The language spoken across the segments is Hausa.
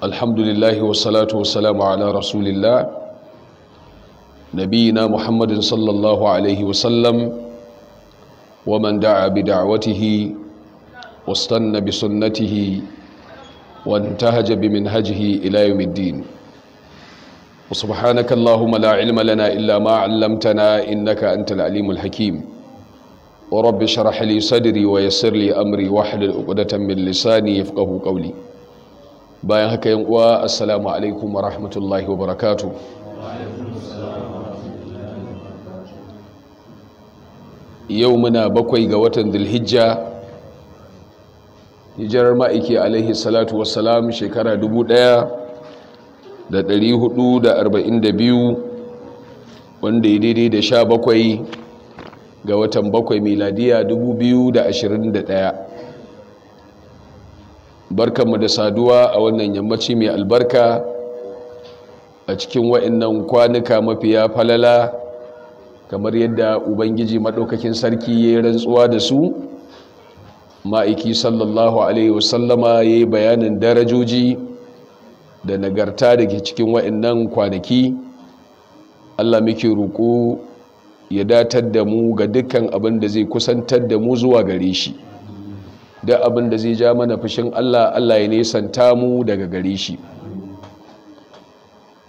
alhamdulillahi wasalatu wasalamu ala rasulillah nabiyina muhammadin sallallahu alaihi wasallam wa man da'a bi da'watihi wastanna bi sunnatihi wa intahaja bi minhajihi ila yawmiddin وسبحانك اللهم لا علم لنا إلا ما علمتنا إنك أنت العليم الحكيم ورب شرح لي صدري ويسر لي أمري واحلل عقدة من لساني يفقه قولي bayan haka yin uwa assalamu alaikum yau muna bakwai ga watan dilhijja hijirar ma'aiki alaihi salatu shekara dubu ɗaya da ɗari da 442 wanda ya daidai da sha bakwai, ga watan 7 miladiya 2021 barkanmu da saduwa a wannan yammaci mai albarka a cikin wa'annan kwanuka mafiya falala kamar yadda ubangiji maɗaukakin sarki ya yi rantsuwa da su ma'aiki sallallahu alaihi wasallama ya yi bayanin darajoji da nagarta da ke cikin wa'annan kwanaki allah muke roƙo ya datar da mu ga dukkan abin da zai kusantar da mu zuwa gare shi da abin da zai ja mana fushin allah allah ya nesanta mu daga gare shi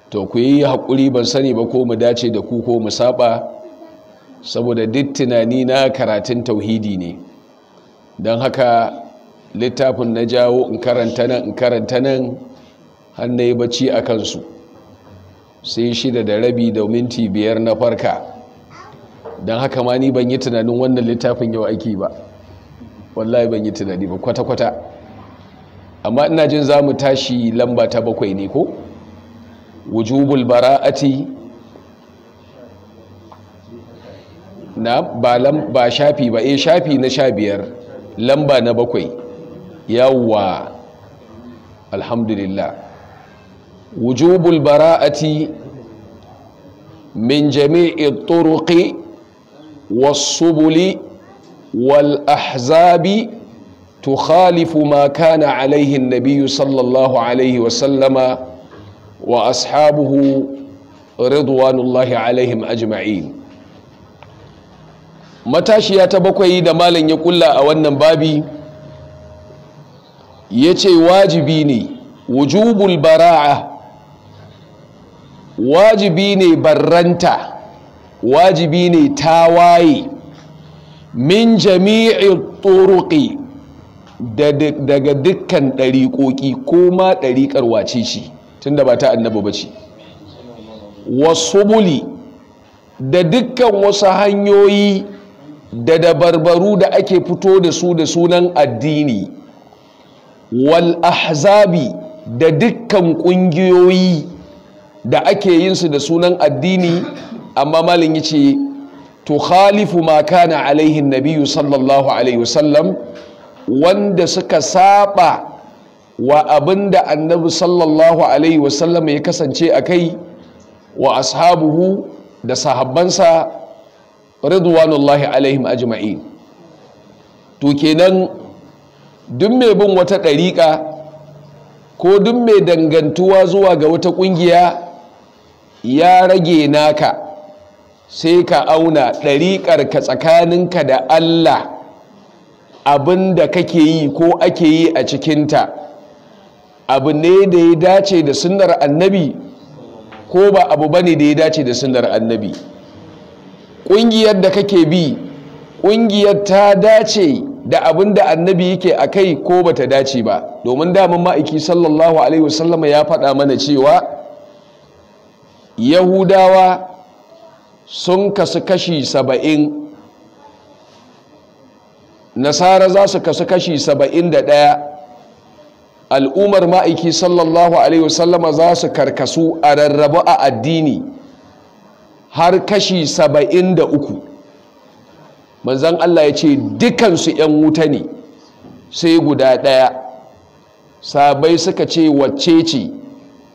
to ku yi haƙuri ban sani ba ko mu dace da ku ko mu saba saboda duk tunani na karatun tauhidi ne don haka littafin na jawo in karanta nan in karanta nan har na bacci a kansu sai shida da rabi da minti biyar na farka don haka ma ni ban yi tunanin wannan littafin yau aiki ba wallahi ban yi tunani ba kwata-kwata amma ina jin za mu tashi lamba ta bakwai ne ko wujubul bara'ati na ba shafi ba e shafi na sha biyar lamba na bakwai yawwa alhamdulillah وجوب البراءة من جميع الطرق والسبل والأحزاب تخالف ما كان عليه النبي صلى الله عليه وسلم وأصحابه رضوان الله عليهم أجمعين matashiya ta bakwai da malam ya kulla a wannan babi ya ce wajibi ne wujubul bara'a wajibi ne barranta wajibi ne tawaye min jami'i turuqi daga dukkan ɗariƙoƙi ko ma ɗariƙar wace shi tunda ba ta annabi ba ce wasubuli da dukkan wasu hanyoyi da dabarbaru da ake fito da su da sunan addini wal ahzabi da dukkan ƙungiyoyi da ake yin su da sunan addini amma malin yace to khalifu ma kana alaihi nabiyyu sallallahu alaihi wasallam wanda suka saba wa abinda annabi sallallahu alaihi wasallam ya kasance a kai wa ashabuhu da sahabbansa ridwanullahi alaihim ajma'in to kenan duk mai bin wata ɗariƙa ko duk mai dangantuwa zuwa ga wata ƙungiya ya rage naka sai ka auna ɗariƙarka tsakaninka da Allah abin da kake yi ko ake yi a cikinta abu ne da ya dace da sunar annabi ko ba abu ba ne da ya dace da sunar annabi ƙungiyar da kake bi ƙungiyar ta dace da abin da annabi yake a kai ko ba ta dace ba domin damar ma'aiki sallallahu alaihi wasallama ya faɗa mana cewa yahudawa sun kasu kashi saba'in nasara za su kasu kashi saba'in da ɗaya al'ummar ma'aiki sallallahu alaihi wasallama za su karkasu a rarrabu a addini har kashi saba'in da uku manzan Allah ya ce dukansu ‘yan wuta ne sai guda ɗaya sabai suka ce wacce ce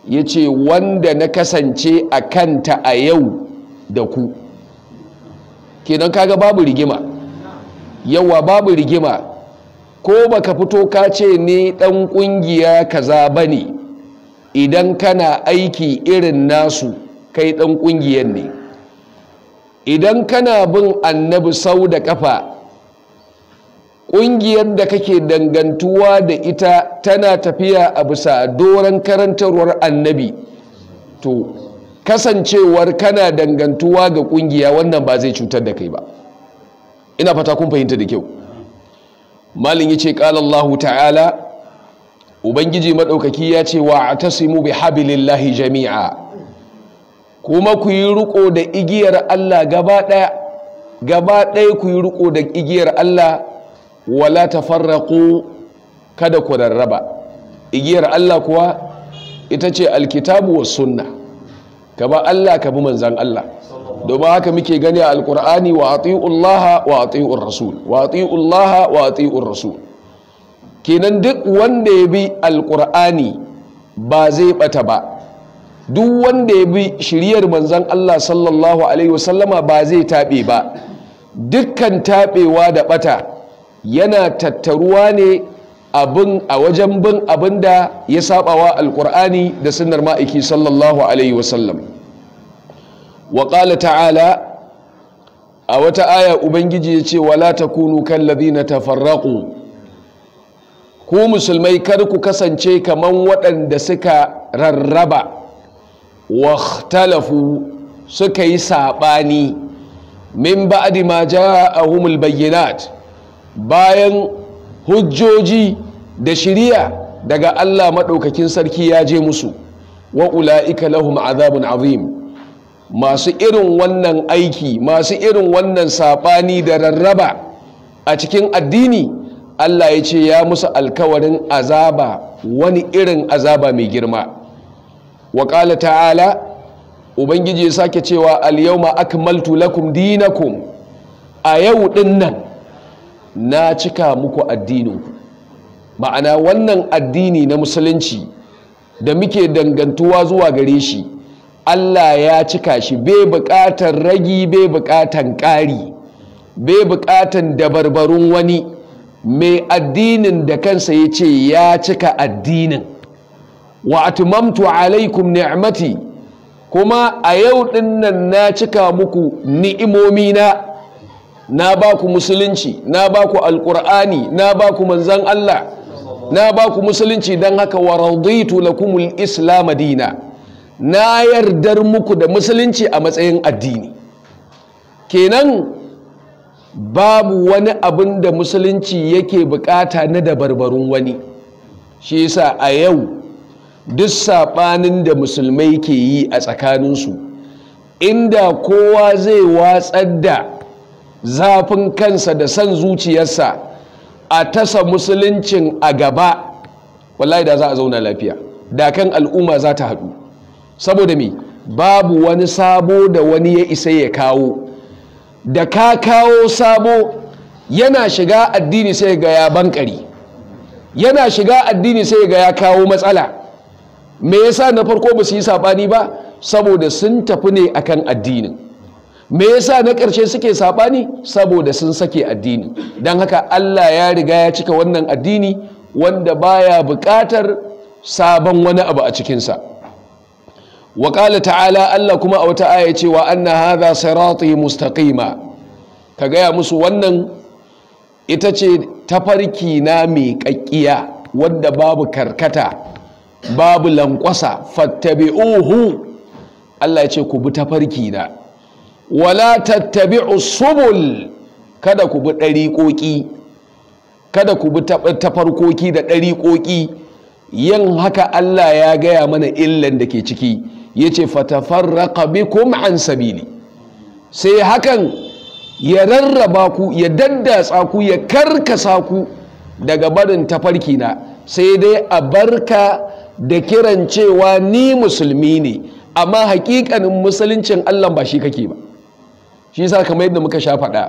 ya ce wanda na kasance a kanta a yau da ku kenan kaga babu rigima yawa babu rigima ko baka fito ka ce ne dan kungiya kaza bane idan kana aiki irin nasu kai dan kungiyar ne idan kana bin annabi sau da kafa ƙungiyar da kake dangantuwa da ita tana tafiya a bisa doron karantarwar annabi to kasancewar kana dangantuwa ga ƙungiya wannan ba zai cutar da kai ba ina fata kun fahimta da kyau malin ya ce ƙalallahu ta'ala ubangiji maɗaukaki ya ce wa a tasimu bi habilillahi jami'a kuma ku yi riko da igiyar allah gaba ɗaya gaba ɗaya ku yi riko da igiyar allah wala tafarraqu kada ku rarraba igiyar Allah kuwa ita ce alkitabu wa sunna ka ba Allah ka bi manzan Allah domin haka muke gani a alkur'ani wa ati'ullaha wa ati'ur rasul wa ati'ullaha wa ati'ur rasul kenan duk wanda ya bi alkur'ani ba zai bata ba duk wanda ya bi shiriyar manzan Allah sallallahu alaihi wasallama ba zai taɓe ba dukkan taɓewa da bata yana tattaruwa ne abin a wajen bin abin da ya sabawa alkur'ani da sunnar ma'aiki sallallahu alaihi wasallam wa ta'ala a wata aya ubangiji ya ce wala ta takunu kallazina tafarraqu ku musulmai kar ku kasance kaman waɗanda suka rarraba wahtalafu suka yi saɓani min ba'adi ma ja'ahumul bayyinat bayan hujjoji da shirya daga Allah maɗaukakin sarki ya je musu wa ula'ika lahum azabun azim masu irin wannan aiki masu irin wannan saɓani da rarraba a cikin addini Allah ya ce ya musu alkawarin azaba wani irin azaba mai girma wa ƙala ta'ala ubangiji ya sake cewa al yawma akmaltu lakum dinakum a yau ɗin nan na cika muku addininku ma'ana wannan addini na musulunci da muke dangantuwa zuwa gare shi Allah ya cika shi bai buƙatar ragi bai buƙatar ƙari bai buƙatar dabarbarun wani mai addinin da kansa ya ce ya cika addinin wa atmamtu alaikum ni'mati kuma a yau ɗinnan na cika muku ni'imomi na. na ba ku musulunci na ba ku alƙur'ani na ba ku manzan Allah na ba ku musulunci don haka wa raditu lakumul islam dina na yardar muku da musulunci a matsayin addini kenan babu wani abin da musulunci yake bukata na dabarbarun wani shi yasa a yau duk saɓanin da musulmai ke yi a tsakaninsu inda kowa zai watsar da zafin kansa da san zuciyarsa a tasa musuluncin a gaba wallahi da za a zauna lafiya da kan al'umma za ta haɗu saboda me babu wani sabo da wani ya isa ya kawo da ka kawo sabo yana shiga addini sai ga ya bankari yana shiga addini sai ga ya kawo matsala me yasa na farko ba su yi sabani ba saboda sun tafi ne akan addinin me yasa na ƙarshe suke saɓani saboda sun sake addini don haka Allah ya riga ya cika wannan addini wanda baya buƙatar sabon wani abu a cikinsa wa ta'ala Allah kuma a wata aya cewa anna haza sirati mustaqima ka gaya musu wannan ita ce tafarki na mai ƙaƙƙiya wanda babu karkata babu lankwasa fattabi'uhu Allah ya ce ku bi tafarki na wala tattabi usubul kada ku bi ɗariƙoƙi kada ku bi tafarkoki da ɗariƙoƙi yin haka Allah ya gaya mana illan da ke ciki ya ce fatafarraqa bikum an sabili sai hakan ya rarraba ku ya daddatsa ku ya karkasa ku daga barin tafarki na sai dai a barka da kiran cewa ni musulmi ne amma hakikanin musuluncin Allah ba shi kake ba shi sa kamar yadda muka sha faɗa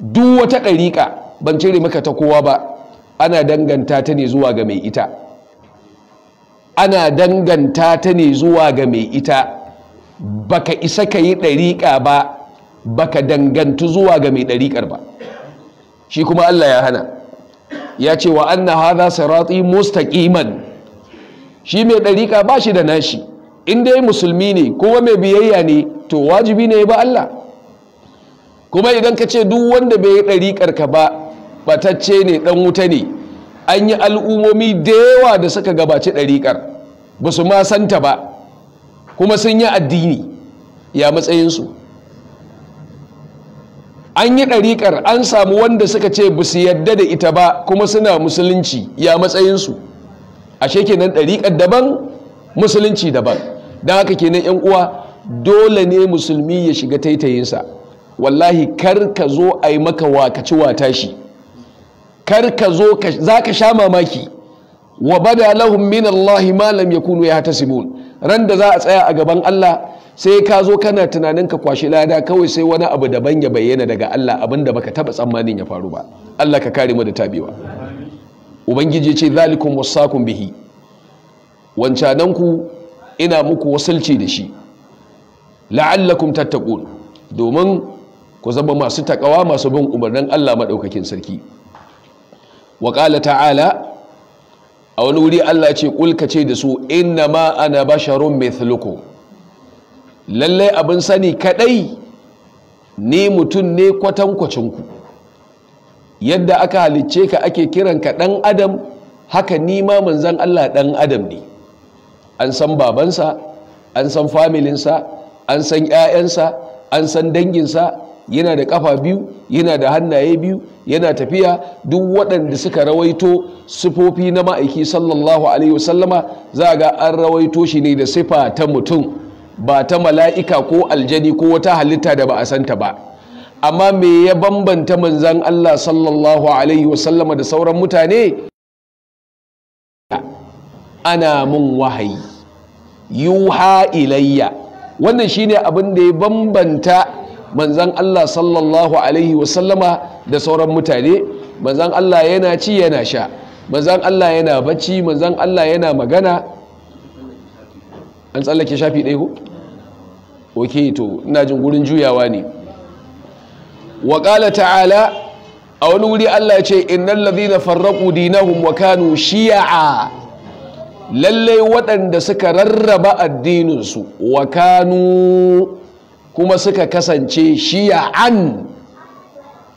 duk wata ɗariƙa ban cire maka ta kowa ba ana danganta ta ne zuwa ga mai ita ana danganta ta ne zuwa ga mai ita baka isa ka yi ɗariƙa ba baka dangantu zuwa ga mai ɗariƙar ba shi kuma Allah ya hana ya ce wa anna hadha sirati mustaqiman shi mai ɗariƙa ba shi da nashi in dai musulmi ne kowa mai biyayya ne to wajibi ne ba Allah kuma idan ka ce duk wanda bai yi ɗariƙar ka ba batacce ne ɗan wuta ne an yi al'ummomi da yawa da suka gabaci ɗariƙar ba su ma santa ba kuma sun yi addini ya matsayinsu an yi ɗariƙar an samu wanda suka ce ba su yadda da ita ba kuma suna musulunci ya matsayinsu ashe kenan ɗariƙar daban musulunci daban don haka kenan 'yan uwa dole ne musulmi ya shiga taitayinsa wallahi kar ka zo a yi maka wakaci wata shi kar ka zo za ka sha mamaki wa bada lahum min Allah kunu ya hata simon ran da za a tsaya a gaban Allah sai ka zo kana tunanin ka kwashi lada kawai sai wani abu daban ya bayyana daga Allah abin da baka taba tsammanin ya faru ba Allah ka kare mu da tabewa ubangiji ce zalikum wasakun bihi wancanan ku ina muku wasulci da shi la'allakum tattaqun domin ku zama masu takawa masu bin umarnin Allah maɗaukakin sarki wa ƙala ta'ala a wani wuri Allah ce kulka ce da su inna ma ana basharun mithluku lallai abin sani kaɗai, ne mutum ne kwatankwacinku yadda aka halicce ka ake kiran ka ɗan adam haka ni ma manzan Allah ɗan adam ne an san babansa an san familinsa an san 'ya'yansa an san danginsa yana da kafa biyu yana da hannaye biyu yana tafiya duk waɗanda suka rawaito sifofi na ma'aiki sallallahu alaihi wasallama za ga an rawaito shi ne da sifa ta mutum ba ta mala'ika ko aljani ko wata halitta da ba a santa ba amma me ya bambanta manzan Allah sallallahu alaihi wasallama da sauran mutane ana mun wahayi yuha ilayya wannan shine abin da ya bambanta manzan Allah sallallahu alaihi wasallama da sauran mutane manzan Allah yana ci yana sha manzan Allah yana bacci manzan Allah yana magana an tsallake shafi ɗaya ku? ok to ina jin gurin juyawa ne wa ƙala ta'ala a wani wuri Allah ce innan lazina farraku dinahum wa kanu shi'a lallai waɗanda suka rarraba addininsu wa kanu kuma suka kasance shiya an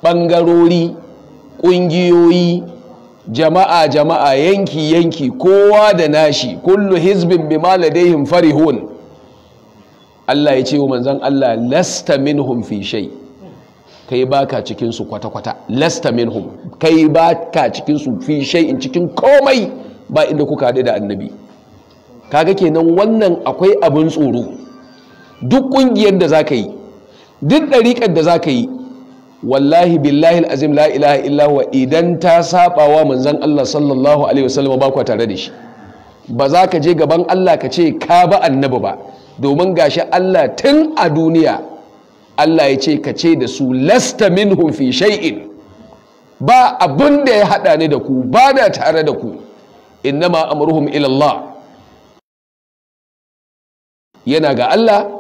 ɓangarori ƙungiyoyi jama'a jama'a yanki yanki kowa da nashi kullu hizbin bima fari farihun Allah ya ce wa manzon Allah lasta minhum fi shay kai baka cikin su kwata kwata lasta minhum kai baka cikin su fi in cikin komai ba inda kuka haɗu da annabi kaga kenan wannan akwai abin tsoro duk ƙungiyar da za ka yi duk ɗariƙar da za ka yi wallahi billahi azim la ilaha illahuwa idan ta saba wa manzan Allah sallallahu alaihi wasallam ba kuwa tare da shi ba za ka je gaban Allah ka ce ka ba annabi ba domin gashi Allah tun a duniya Allah ya ce ka ce da su lasta minhum fi shay'in ba abin da ya haɗa ni da ku ba da tare da ku innama amruhum ila Allah yana ga Allah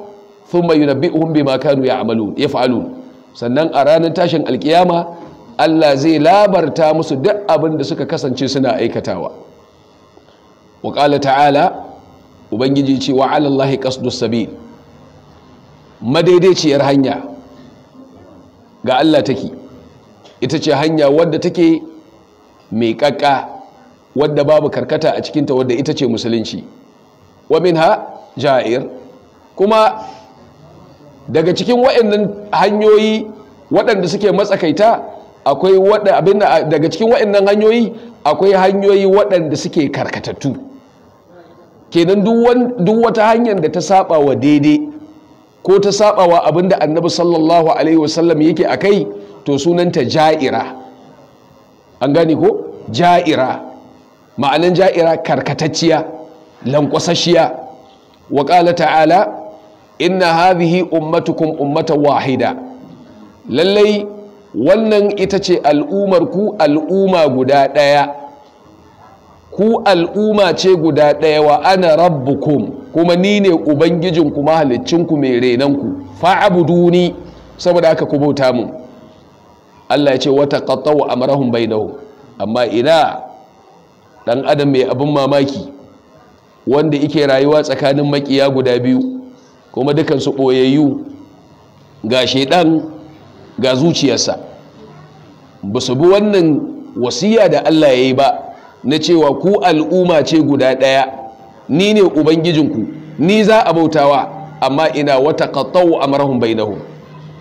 thumma yunabbi'uhum bima kanu ya'malun yaf'alun sannan a ranar tashin alkiyama Allah zai labarta musu duk abin da suka kasance suna aikatawa wa qala ta'ala ubangiji ce wa 'ala Allahi qasdus sabil madaidaiciyar hanya ga Allah take ita ce hanya wadda take mai kakka wadda babu karkata a cikinta wadda ita ce musulunci wa minha ja'ir kuma daga cikin waɗannan hanyoyi waɗanda suke matsakaita akwai waɗanda daga cikin waɗannan hanyoyi akwai hanyoyi waɗanda suke karkatattu kenan duk wata hanyar da ta saba wa daidai ko ta saba wa abin annabi sallallahu alaihi wasallam yake a kai to sunanta ja'ira an gane ko ja'ira ma'anan ja'ira karkatacciya lankwasashiya wa ta'ala inna hadhihi ummatukum ummata wahida lallai wannan ita ce al'umar ku al'umma guda ɗaya ku al'umma ce guda ɗaya wa ana rabbukum kuma ni ne ubangijin kuma ku mai renanku fa'abuduni saboda aka kubuta bauta mun Allah ya ce wata qattawa amrahum bainahum amma ina dan adam mai abin mamaki wanda yake rayuwa tsakanin makiya guda biyu kuma dukansu ɓoyayyu ga shaidan ga zuciyarsa ba su bi wannan wasiya da Allah ya yi ba na cewa ku al'umma ce guda ɗaya ni ne ubangijinku ni za a bautawa amma ina wata katau a marahun bainahu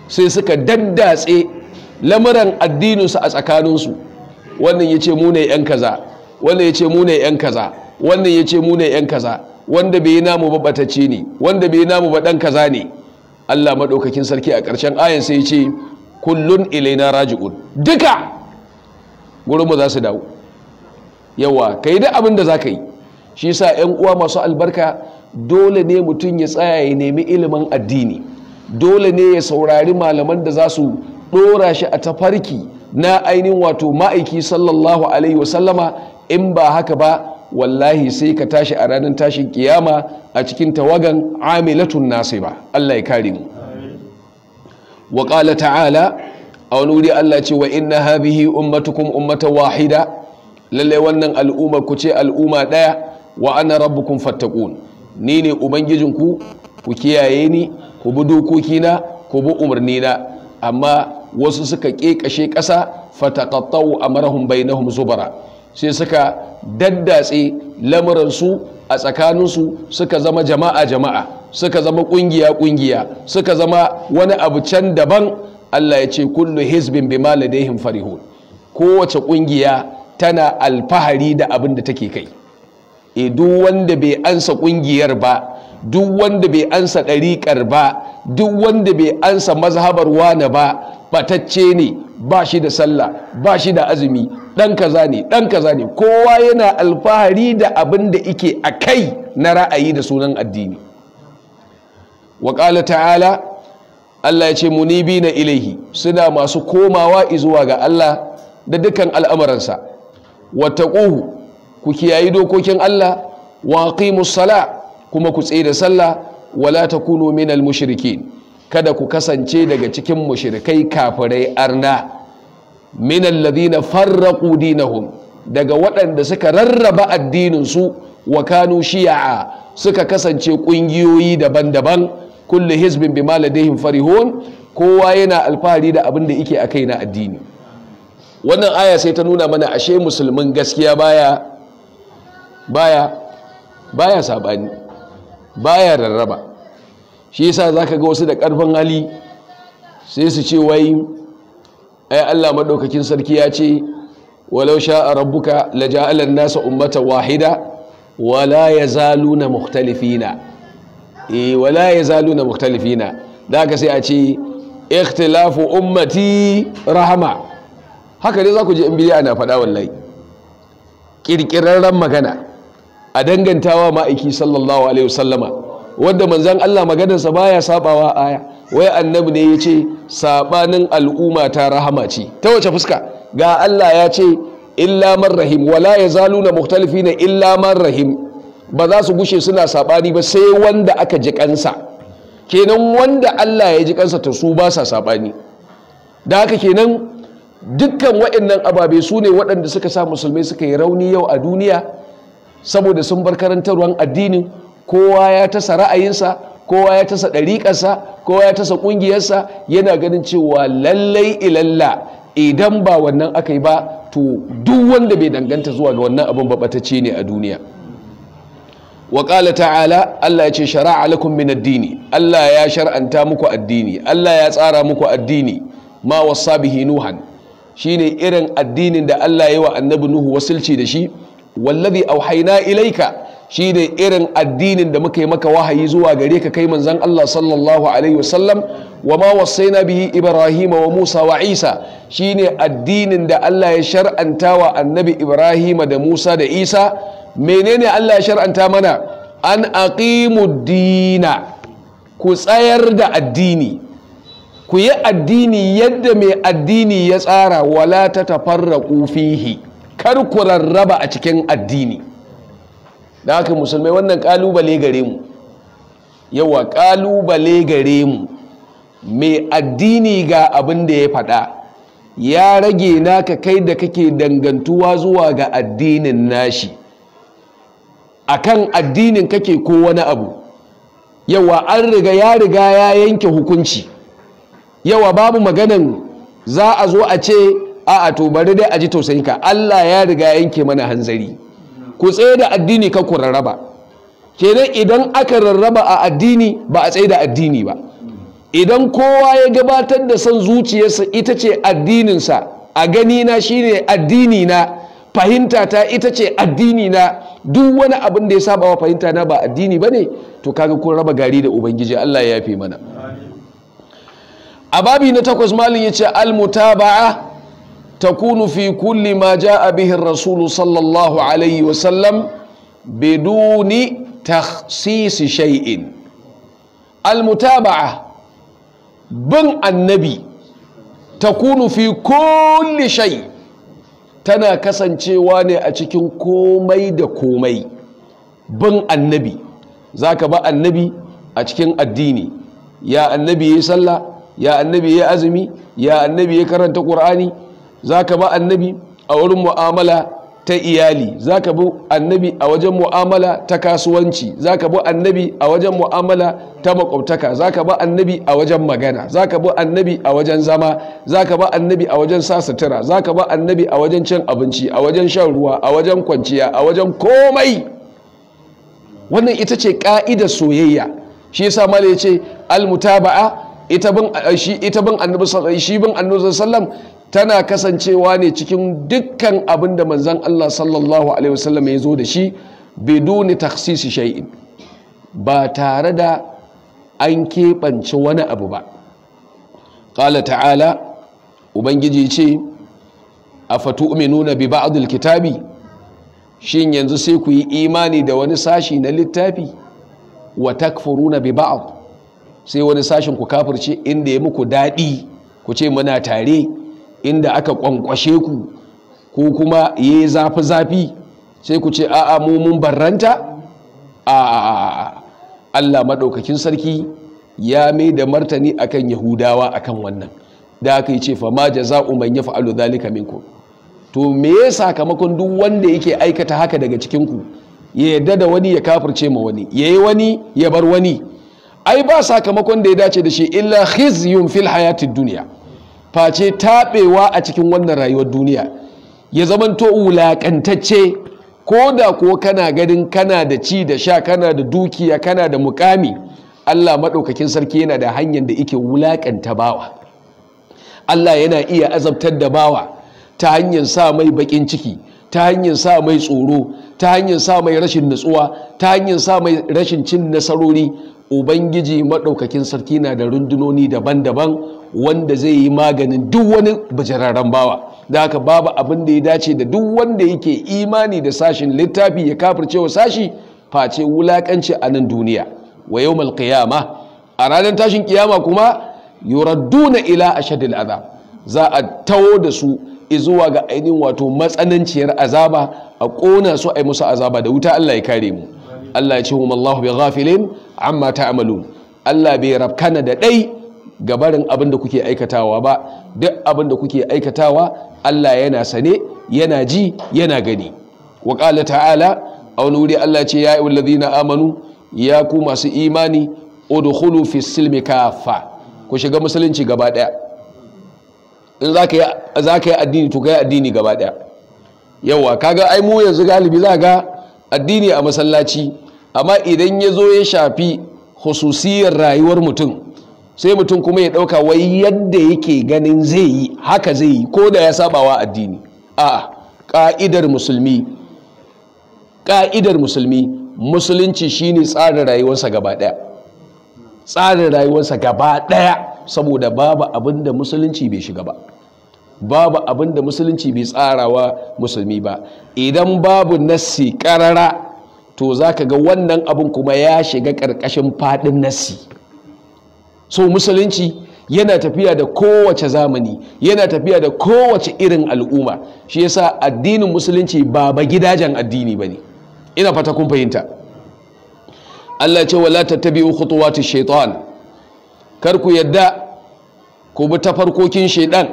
sai suka daddatse lamuran addininsu a tsakaninsu wannan ya ce mu 'yan kaza wannan ya ce mu 'yan kaza wannan ya ce 'yan kaza wanda bai yi namu ba batacci ne wanda bai yi namu ba dan kaza ne Allah madaukakin sarki a ƙarshen ayan sai ya ce kullun ilaina raji'un duka gurin mu za su dawo yawa kai da abin da za ka yi shi yasa 'yan uwa masu albarka dole ne mutum ya tsaya ya nemi ilimin addini dole ne ya saurari malaman da za su ɗora shi a tafarki na ainihin wato ma'aiki sallallahu alaihi wasallama in ba haka ba wallahi sai ka tashi a ranar tashin kiyama a cikin tawagan amilatun nasiba Allah ya kare mu wa qala ta'ala a wani wuri Allah ce wa inna habihi ummatukum ummatan wahida lalle wannan al'umma ku ce al'umma daya wa ana rabbukum fattaqun ni ne ubangijinku ku kiyaye ni ku bi dokokina ku bi umarnina amma wasu suka kekashe ƙasa fataqattau amrahum bainahum zubara sai suka daddatse lamuransu a tsakaninsu suka zama jama'a jama'a suka zama kungiya kungiya suka zama wani abu can daban Allah ya ce kullu hizbin bima ladaihim farihun kowace kungiya tana alfahari da abin da take kai e duk wanda bai ansa kungiyar ba duk wanda bai ansa ɗariƙar ba duk wanda bai ansa mazhabar wane ba batacce ne ba shi da sallah ba shi da azumi ɗan kaza ne ɗan kaza ne kowa yana alfahari da abin da ike a kai na ra'ayi da sunan addini wa ta'ala Allah ya ce munibi na ilaihi suna masu komawa izuwa ga Allah da dukkan al'amuransa wata ƙuhu ku kiyayi dokokin Allah wa qimus sala kuma ku tsaye da sallah wala takunu minal mushrikin kada ku kasance daga cikin mushrikai kafirai arna min alladhina farraqu dinahum daga waɗanda suka rarraba addinin su wa kanu shi'a suka kasance ƙungiyoyi daban-daban kullu hizbin bima ladayhim farihun kowa yana alfahari da abin da yake kai na addini wannan aya sai ta nuna mana ashe musulmin gaskiya baya baya baya sabani baya rarraba shi yasa zaka ga wasu da karfin hali sai su ce wai ai Allah madaukakin sarki ya ce walau sha'a rabbuka laja'ala an-nasa ummatan wahida wala yazaluna mukhtalifina eh wala yazaluna mukhtalifina da ka sai a ce ikhtilafu ummati rahama haka ne za ku ji in biya na fada wallahi ƙirƙirarren magana a dangantawa ma'aiki sallallahu alaihi wasallama wadda manzan Allah maganarsa baya sabawa aya wai annabi ne ya ce sabanin al'umma ta rahama ce ta wace fuska ga Allah ya ce illa man rahim wala na mukhtalifina illa man rahim ba za su gushe suna sabani ba sai wanda aka ji kansa kenan wanda Allah ya ji kansa ta su ba sa sabani da haka kenan dukkan waɗannan ababe su ne waɗanda suka sa musulmai suka yi rauni yau a duniya saboda sun bar karantarwar addinin kowa ya tasa ra'ayinsa kowa ya tasa ɗariƙarsa kowa ya tasa ƙungiyarsa yana ganin cewa lallai ilalla idan ba wannan aka yi ba to duk wanda bai danganta zuwa ga wannan abin babatacce ne a duniya waƙala ta'ala Allah ya ce shara'a lakum min addini Allah ya shar'anta muku addini Allah ya tsara muku addini ma wasa bihi nuhan shine irin addinin da Allah ya yi wa annabi nuhu wasilci da shi wallazi auhaina ilaika shine irin addinin da muka yi maka wahayi zuwa gare ka kai manzon Allah sallallahu alaihi wasallam wa ma wasaina bihi Ibrahim wa Musa wa Isa shine addinin da Allah ya shar'anta wa annabi Ibrahim da Musa da Isa menene Allah ya shar'anta mana an aqimu dina ku tsayar da addini ku yi addini yadda mai addini ya tsara wala ta tafarraku fihi kar ku rarraba a cikin addini da haka musulmai wannan kalubale gare mu yawa kalubale gare mu mai addini ga abin da ya faɗa ya rage naka kai da kake dangantuwa zuwa ga addinin nashi akan addinin kake ko wani abu yawa an riga ya riga ya yanke hukunci yawa babu maganan za a zo a ce a'a to bari dai a ji tausayinka Allah ya riga yanke mana hanzari ku tsaye da addini ka ku rarraba kenan idan aka rarraba a addini ba a tsaye da addini ba idan kowa ya gabatar da son zuciyarsa ita ce addininsa a gani na shine addini na fahimta ta ita ce addini na duk wani abin da ya saba wa fahimta na ba addini ba ne to kaga kun raba gari da ubangiji Allah ya yafe mana a babi na takwas malin ya ce almutaba'a Takunufi fi kulli ma ja'a bihi rasulu sallallahu alaihi wasallam biduni takhsisi shay'in almutaba'a bin annabi takunufi fi kulli shay tana kasancewa ne a cikin komai da komai bin annabi zaka ba annabi a cikin addini ya annabi ya sallah ya annabi ya azumi ya annabi ya karanta ƙur'ani. za ka ba annabi a wurin mu'amala ta iyali za ka bi annabi a wajen mu'amala ta kasuwanci za ka bi annabi a wajen mu'amala ta makwabtaka za ka bi annabi a wajen magana za ka bi annabi a wajen zama za ka bi annabi a wajen sa sutura za ka bi annabi a wajen cin abinci a wajen shan ruwa a wajen kwanciya a wajen komai wannan ita ce ka'ida soyayya shi yasa mala ya ce almutaba'a ita bin shi ita bin annabi sallallahu alaihi wasallam tana kasancewa ne cikin dukkan abin da manzan Allah sallallahu alaihi wasallam ya zo da shi biduni taksisi shai'in ba tare da an keɓance wani abu ba ƙala ta'ala ubangiji ce a fatu nuna bi ba'adul kitabi shin yanzu sai ku yi imani da wani sashi na littafi wa takfuruna bi ba'ad sai wani sashin ku kafirce inda ya muku daɗi ku ce muna tare inda aka kwankwashe ku ko kuma ya zafi zafi sai ku ce a'a mu mun barranta a Allah maɗaukakin sarki ya mai da martani akan yahudawa akan wannan da aka yi ce fa ma jaza'u man yaf'alu dhalika minkum to me ya sakamakon duk wanda yake aikata haka daga cikin ku ya yadda da wani ya kafirce ma wani yayi wani ya bar wani ai ba sakamakon da ya dace da shi illa khizyun fil hayatid duniya. face taɓewa a cikin wannan rayuwar duniya ya zamanto wulaƙantacce ko da ko kana ganin kana da ci da sha kana da dukiya kana da mukami Allah maɗaukakin sarki yana da hanyar da ike wulaƙanta bawa Allah yana iya azabtar da bawa ta hanyar sa mai baƙin ciki ta hanyar sa mai tsoro ta hanyar sa mai rashin nutsuwa ta hanyar sa mai rashin cin nasarori ubangiji maɗaukakin sarki na da rundunoni daban-daban wanda zai yi maganin duk wani bajararren bawa da haka babu abin da ya dace da duk wanda yake imani da sashin littafi ya wa sashi face wulakanci a nan duniya wa yau qiyama a ranar tashin kiyama kuma na ila a ashadil azab za a tawo da su izuwa ga ainihin wato matsananciyar azaba a ƙona su a yi musu azaba da wuta Allah ya kare mu Allah ya ce wa mallahu bi ghafilin amma ta amalu. Allah bai rabkana da ɗai gabarin abin da kuke aikatawa ba duk abin da kuke aikatawa Allah yana sane yana ji yana gani wa ƙala ta'ala a wani wuri Allah ce ya ayyuhal ladina amanu ya ku masu imani udkhulu fi silmi kafa ku shiga musulunci gaba daya in za yi yi addini to kai addini gaba daya yawa kaga ai mu yanzu galibi za ga addini a masallaci amma idan ya zo ya shafi hususiyar rayuwar mutum sai mutum kuma ya ɗauka wai yadda yake ganin zai yi haka zai yi ko da ya sabawa addini a ƙa'idar musulmi ƙa'idar musulmi musulunci shine tsarin rayuwarsa gaba ɗaya tsarin rayuwarsa gaba ɗaya saboda babu abin musulunci bai shiga ba babu abin musulunci bai tsarawa musulmi ba idan babu nassi ƙarara to za ka ga wannan abin kuma ya shiga ƙarƙashin faɗin nassi so musulunci yana tafiya da kowace zamani yana tafiya da kowace irin al'umma shi yasa addinin musulunci ba ba gidajen addini ne. ina fata kun fahimta Allah ce wala uku khutuwati shaitan kar ku yadda ku bi ta farkokin shaitan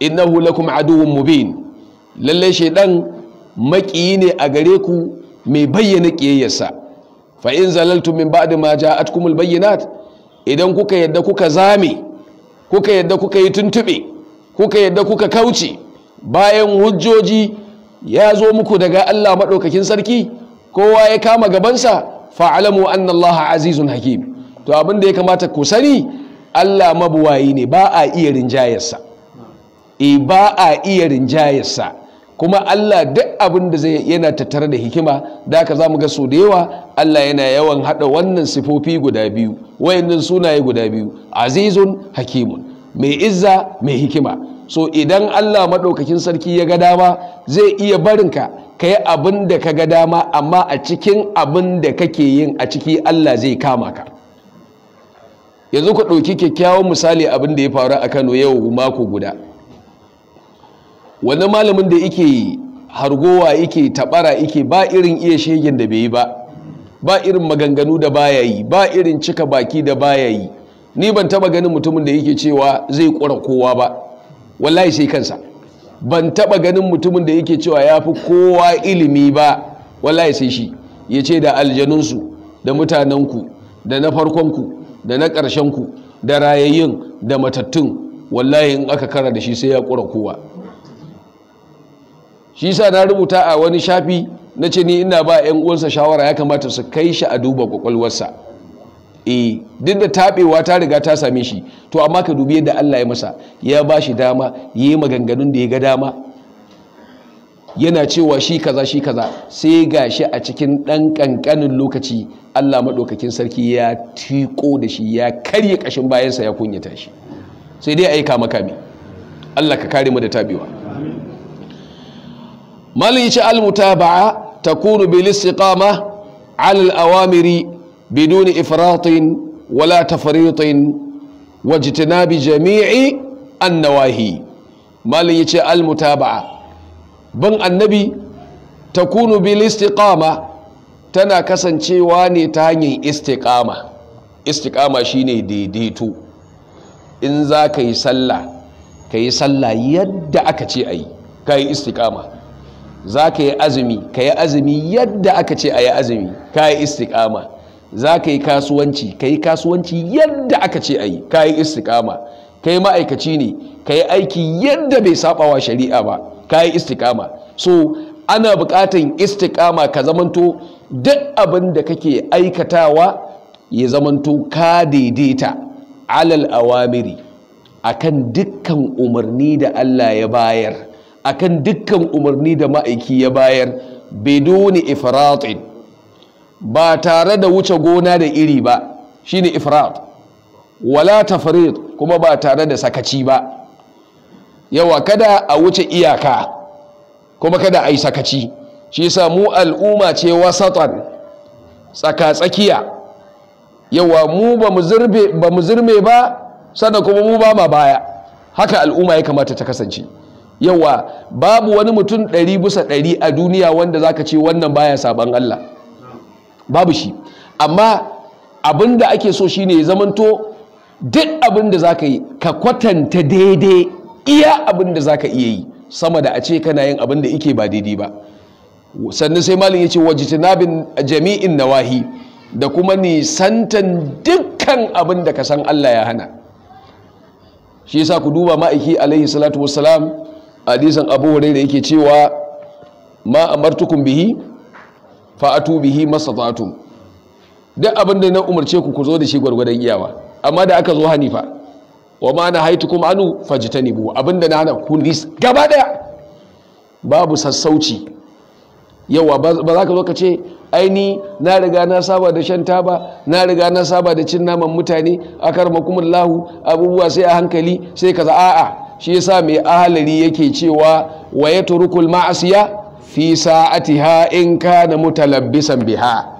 innahu lakum aduwwun mubin Lallai shaitan maƙiyi ne a gare ku mai bayyana ƙiyayyarsa fa in zalaltum min ba'di ma ja'atkumul bayyinat idan kuka yadda kuka zame kuka yadda kuka yi tuntube kuka yadda kuka kauce bayan hujjoji ya zo muku daga Allah maɗaukakin sarki kowa ya kama gabansa fa'alamu anna Allah azizun hakim to abinda ya kamata ku sani Allah mabuwayi ne ba a iya rinjayarsa e ba a iya rinjayarsa kuma Allah duk abin da zai yana tattare da hikima da za zamu ga sau da yawa Allah yana yawan hada wannan sifofi guda biyu wayannan sunaye guda biyu azizun hakimun mai izza mai hikima so idan Allah madaukakin sarki ya ga dama zai iya barinka ka yi abin da ka ga dama amma a cikin abin da kake yin a ciki Allah zai kama ka yanzu ku ɗauki kyakkyawan misali abin da ya faru a Kano yau mako guda wani malamin da yake hargowa yake tabara yake ba irin iya shegen da bai ba ba irin maganganu da baya yi ba irin cika baki da baya yi ni ban taba ganin mutumin da yake cewa zai kura kowa ba wallahi sai kansa ban taba ganin mutumin da yake cewa ya fi kowa ilimi ba wallahi sai shi ya ce da aljanunsu da mutanenku da na farkonku da na ƙarshenku da rayayyun da matattun wallahi in aka kara da shi sai ya kura kowa shi sa na rubuta a wani shafi na ce ni ina ba 'yan uwansa shawara ya kamata su kai shi a duba kwakwalwarsa e eh, duk da taɓewa ta riga ta same shi to amma ka dubi yadda Allah ya masa ya ba shi dama ya yi maganganun da ya ga dama yana cewa shi kaza shi kaza sai ga shi a cikin ɗan ƙanƙanin lokaci Allah maɗaukakin sarki ya tiko da shi ya karye ƙashin bayansa ya kunyata shi sai dai a yi kama kame Allah ka kare mu da taɓewa malin almutaba'a takunu bil istiqama ala al-awamiri biduni ifratin wala tafritin wajtinabi jami'i an-nawahi malin almutaba'a bin annabi takunu bil istiqama tana kasancewa ne ta hanyar istiqama istiqama shine daidaito in za ka yi sallah ka yi sallah yadda aka ce a yi ka yi istiqama za ka yi azumi ka yi azumi yadda aka ce a yi azumi ka yi istikama za ka yi kasuwanci ka yi kasuwanci yadda aka ce a yi ka yi istikama ka yi ma'aikaci ne ka yi aiki yadda bai saɓawa shari'a ba ka yi istikama so ana buƙatan istikama ka zamanto duk abin da kake aikatawa ya zamanto ka daidaita alal awamiri akan dukkan umarni da Allah ya bayar akan dukkan umarni da ma'aiki ya bayar bedoni ifratin ba tare da wuce gona da iri ba shine ifrat wala tafrid kuma ba tare da sakaci ba yawa kada a wuce iyaka kuma kada a yi sakaci shi samu mu al'umma ce wasatan tsaka-tsakiya yawa mu ba mu zirme ba sannan kuma mu ba ma baya haka al'umma ya kamata ta kasance yawa babu wani mutum ɗari bisa ɗari a duniya wanda zaka ce wannan baya sabon Allah babu shi amma abin da ake so shine ya zamanto duk abin da zaka yi ka kwatanta daidai iya abin da zaka iya yi sama da a ce kana yin abin da ike ba daidai ba sannan sai malin ya ce wajitinabin jami'in nawahi da kuma nisantan dukkan abin da ka san Allah ya hana shi yasa ku duba ma'aiki alaihi salatu wassalam hadisan abu hurairah yake cewa ma amartukum bihi fa'atu bihi mastata'tum duk abin da na umarce ku ku zo da shi gwargwadon iyawa amma da aka zo hanifa wa ma na haitukum anu fajtanibu abin da na hana ku nis gaba daya babu sassauci yawa ba za ka zo ka ce aini na riga na saba da shan taba na riga na saba da cin naman mutane a karmakumullahu abubuwa sai a hankali sai kaza a'a shi yasa mai ahalari yake cewa wa turukul ma'asiya fi sa'atiha in kana mutalabbisan biha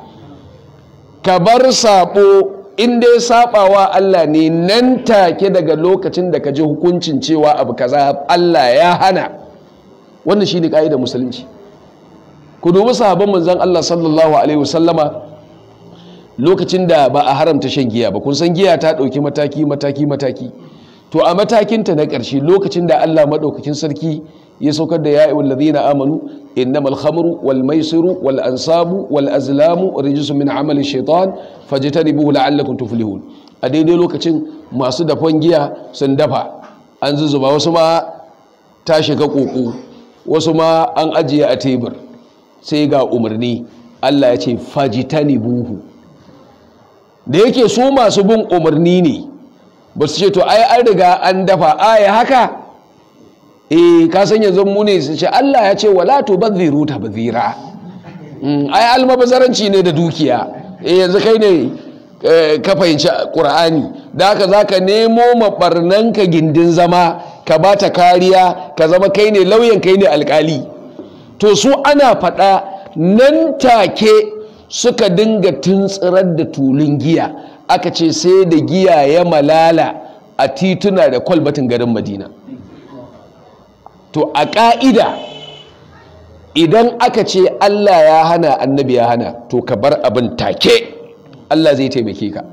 ka bar sabo in dai sabawa Allah ne nan take daga lokacin da ka ji hukuncin cewa abu kaza Allah ya hana wannan shine kaidar musulunci ku dubi sahabban manzon Allah sallallahu alaihi wasallama lokacin da ba a haramta shan giya ba kun san giya ta dauki mataki mataki mataki to a matakinta na ƙarshe lokacin da Allah maɗaukakin sarki ya saukar da ya'i ladina amanu innamal khamru wal maisiru wal ansabu wal azlamu rijsun min amali shaitan fajtanibuhu la'allakum tuflihun a daidai lokacin masu dafan giya sun dafa an zuzuba wasu ma ta shiga koko wasu ma an ajiye a tebur sai ga umarni Allah ya ce fajtanibuhu da yake so masu bin umarni ne ba su ce to ai an riga an dafa ai haka eh ka san yanzu mu ne su ce Allah ya ce wala ta badhira mm, ai almabazaranci ne da dukiya eh yanzu kai ne eh, ka fahimci qur'ani da haka zaka nemo ka gindin zama ka bata kariya ka zama kai ne lauyan kai ne alkali to su ana fada nan take suka dinga tuntsirar da tulun giya aka ce sai da giya ya malala a tituna da kwalbatin garin madina to a ƙa'ida idan aka ce allah ya hana annabi ya hana to ka bar abin take allah zai taimake ka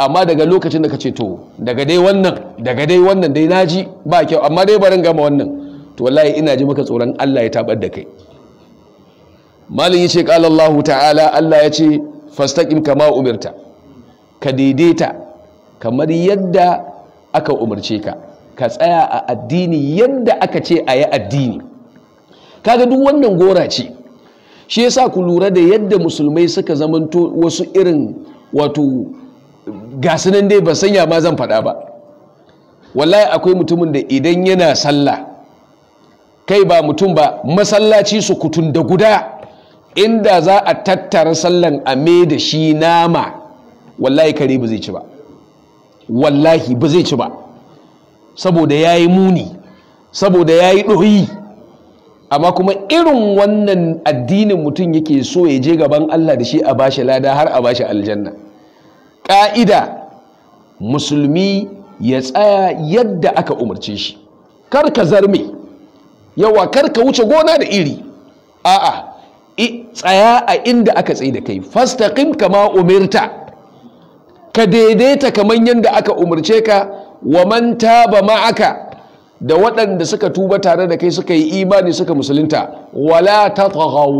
amma daga lokacin da ka ce to daga dai wannan daga dai wannan dai naji ba kyau amma dai barin gama wannan to wallahi ina ji maka tsoron allah ya tabar da kai malin yi ce Allahu ta'ala allah ya ce fastaqim kama umirta ka daidaita kamar yadda aka umarce ka ka tsaya a addini yadda aka ce a yi addini kaga duk wannan gora ce shi yasa ku lura da yadda musulmai suka zamanto wasu irin wato gasu dai ba sanya ma zan faɗa ba wallahi akwai mutumin da idan yana sallah kai ba mutum ba masallaci su kutun da guda inda za a tattara sallan a me da shi nama wallahi kare ba zai ci ba wallahi ba zai ci ba saboda ya yi muni saboda ya yi ɗoyi amma kuma irin wannan addinin mutum yake so ya je gaban Allah da shi a bashi lada har a bashi aljanna ƙa'ida musulmi ya tsaya yadda aka umarce shi kar ka zarme yawa kar ka wuce gona da iri a'a tsaya a inda aka tsaye da kai fastaqim kama umirta ka daidaita kamar yadda aka umarce ka wa man taba ma'aka da waɗanda suka tuba tare da kai suka yi imani suka musulunta wala tatghaw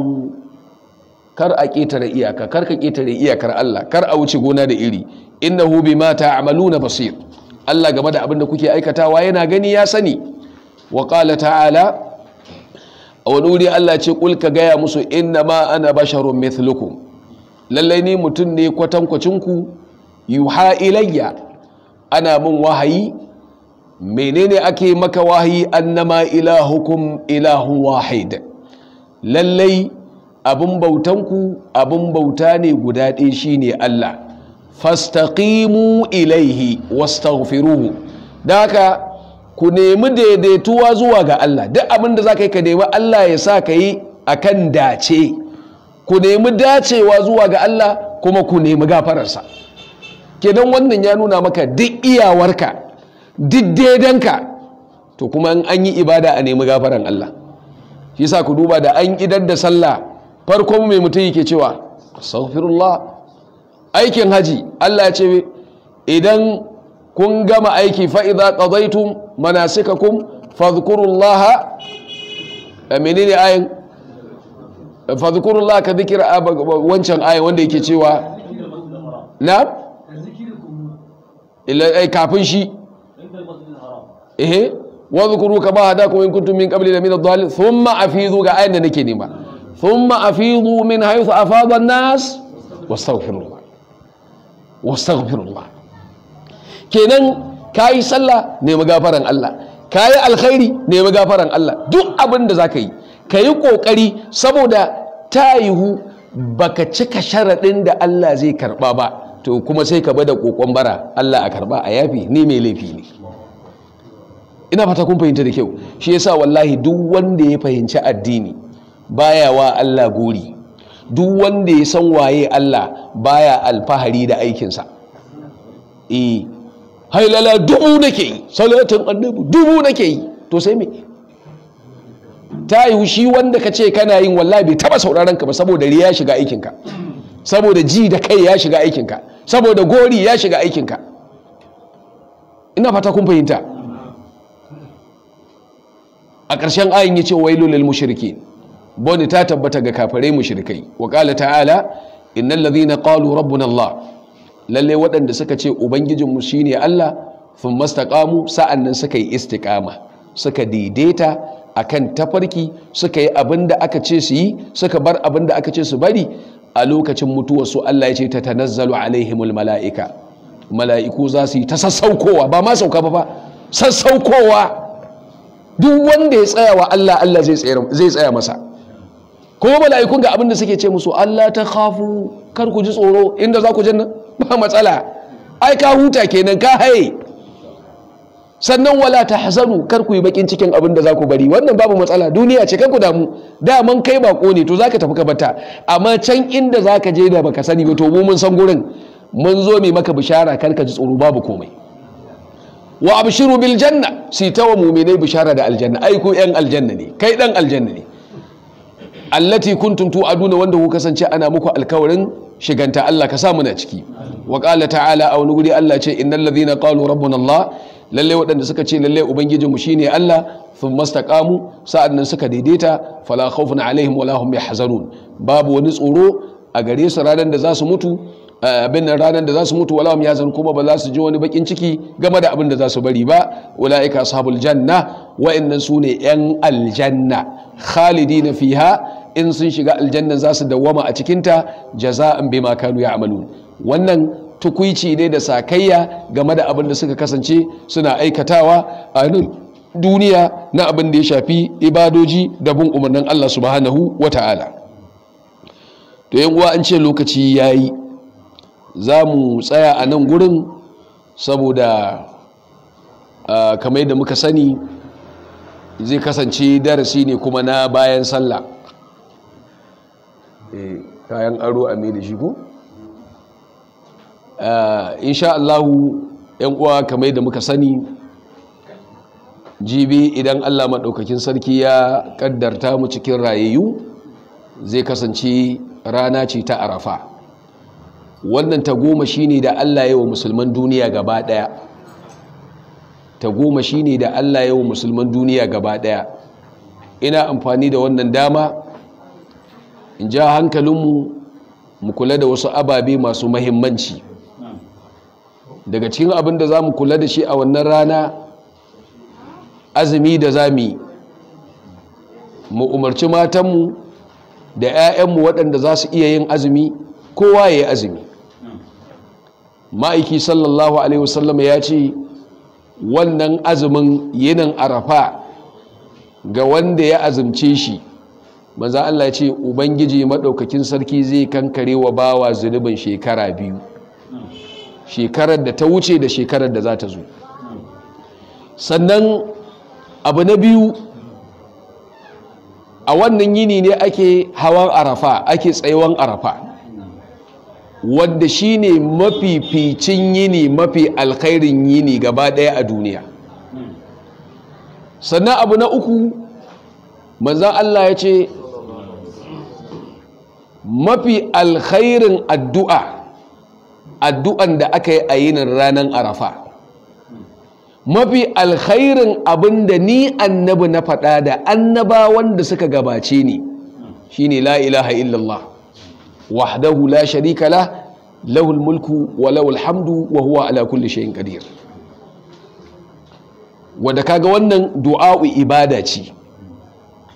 kar a ƙetare iyaka kar ka ƙetare iyakar Allah kar a wuce gona da iri Inna Hubi mata amalu na basir Allah game da abin da kuke aikatawa yana gani ya sani wa ƙala ta'ala a wani wuri Allah ce kul ka gaya musu inna ma ana basharun mithlukum lallai ni mutum ne kwatankwacinku yuha ilayya ana mun wahayi menene ake maka wahayi annama ilahukum ilahu wahid lallai abin bautanku abin bauta ne guda shi shine Allah fastaqimu ilaihi wastaghfiruhu da haka ku nemi daidaituwa zuwa ga Allah duk abin da za ka yi ka nemi Allah ya sa ka yi a dace ku nemi dacewa zuwa ga Allah kuma ku nemi gafararsa kenan wannan ya nuna maka duk iyawarka duk daidanka to kuma an yi ibada a nemi gafaran Allah shi sa ku duba da an idar da sallah farko mai mutum yake cewa astaghfirullah aikin haji Allah ya ce idan kun gama aiki fa idza qadaytum manasikakum fadhkurullaha eh, menene ayin fadhkurullaha ka dhikra ah, wancan ayin wanda yake cewa na kafin shi ehe wa zukuru kama hadakum in kuntum min qabli lamin ad-dhalin thumma afizu ga ayin nake nema thumma afizu min haythu afada an-nas wastaghfirullah wastaghfirullah kenan kayi sallah nemi gafaran Allah kayi alkhairi nemi gafaran Allah duk abin da zaka yi kayi kokari saboda tayihu baka cika sharadin da Allah zai karba ba to kuma sai ka bada kokon bara Allah a karba a yafi ni mai laifi ne ina fata kun fahimta da kyau shi yasa wallahi duk wanda ya fahimci addini baya wa Allah gori duk wanda ya san waye Allah baya alfahari da aikinsa eh hailala dubu nake yi salatin annabi dubu nake yi to sai me ta yi shi wanda ka ce kana yin wallahi bai taba sauraron ka ba saboda riya shiga aikin aikinka saboda ji da kai ya shiga aikinka saboda gori ya shiga aikinka ina fata kun fahimta a ƙarshen ayin ya ce wailu lil mushrikin boni ta tabbata ga kafare mushrikai wa qala ta'ala innal ladhina qalu rabbuna Allah lalle waɗanda suka ce ubangijin ubangijinmu shine Allah sun sa'an nan suka yi istiqama suka daidaita akan tafarki suka yi abinda aka ce su yi suka bar abinda aka ce su bari a lokacin mutuwarsu Allah ya ce ta tanazzalu alaihimul mala'ika mala'iku za su yi ta sassaukowa ba ma sauka ba ba sassaukowa duk wanda ya tsaya wa Allah Allah zai tsaya masa kuma mala'ikun ga abin da suke ce musu Allah ta khafu kar ku ji tsoro inda za ku janna ba matsala ai ka huta kenan ka haye sannan wala tahzanu kar ku yi bakin cikin abin da za ku bari wannan babu matsala duniya ce kar ku damu daman kai bako ne to zaka tafi ka bata amma can inda zaka je da baka sani ba to mu mun san gurin mun zo mai maka bishara kar ka ji tsoro babu komai wa abshiru bil janna si tawa mu'minai bishara da aljanna ai ku yan aljanna ne kai dan aljanna ne allati kuntum tu'aduna wanda ku kasance ana muku alkawarin shiganta Allah ka sa muna ciki wa qala ta'ala a wani guri Allah ce innal ladhina qalu rabbuna Allah lalle waɗanda suka ce lalle ubangijinmu shine Allah sun mastaqamu sa'an nan suka daidaita fala khawfun alaihim wala hum yahzanun babu wani tsoro a gare su ranar da za su mutu abin nan ranar da za su mutu wala hum yahzan kuma ba za su ji wani bakin ciki game da abin da za su bari ba ulaika ashabul janna wa'annan sune yan aljanna khalidina fiha in sun shiga aljanna za su dawwama a cikinta jaza'an bima kanu ya'malun wannan tukuici ne da sakayya game da abin da suka kasance suna aikatawa a duniya na abin da ya shafi ibadoji da bin umarnin Allah subhanahu wa ta'ala to yan uwa an ce lokaci ya yi. za mu tsaya a nan gurin saboda kamar yadda muka sani zai kasance darasi ne kuma na bayan sallah eh, kayan aro a mai da shi Eh, insha Allahu yan uwa kamar da muka sani jibi idan Allah maɗaukakin sarki ya ƙaddarta mu cikin rayayyu zai kasance rana ce ta arafa wannan ta goma shine da Allah yawa musulman duniya gaba ɗaya ta goma da Allah yawa musulman duniya gaba ɗaya ina amfani da wannan dama in ja hankalinmu mu kula da wasu ababe masu mahimmanci daga cikin abin da za mu kula da shi a wannan rana azumi da za mu mu umarci matanmu da 'ya'yanmu waɗanda za su iya yin azumi kowa ya yi azumi ma'aiki sallallahu alaihi wasallam ya ce wannan azumin yinin arafa ga wanda ya azumce shi maza Allah ya ce ubangiji maɗaukakin sarki zai kankare wa bawa zunubin shekara biyu shekarar da ta wuce da shekarar da za ta zo sannan abu na biyu a wannan yini ne ake hawan arafa ake tsayuwan arafa wanda shi ne mafificin yini mafi alkhairin yini gaba ɗaya a duniya sannan abu na uku manzan Allah ya ce mafi alkhairin addu'a addu'an da aka yi a yinin ranar arafa mafi alkhairin abin da ni annabi na faɗa da annabawan da suka gabace ni shine la ilaha illallah wahdahu la sharika la lahul mulku wa lahul hamdu wa huwa ala kulli shay'in qadir wanda kaga wannan du'a'u ibada ce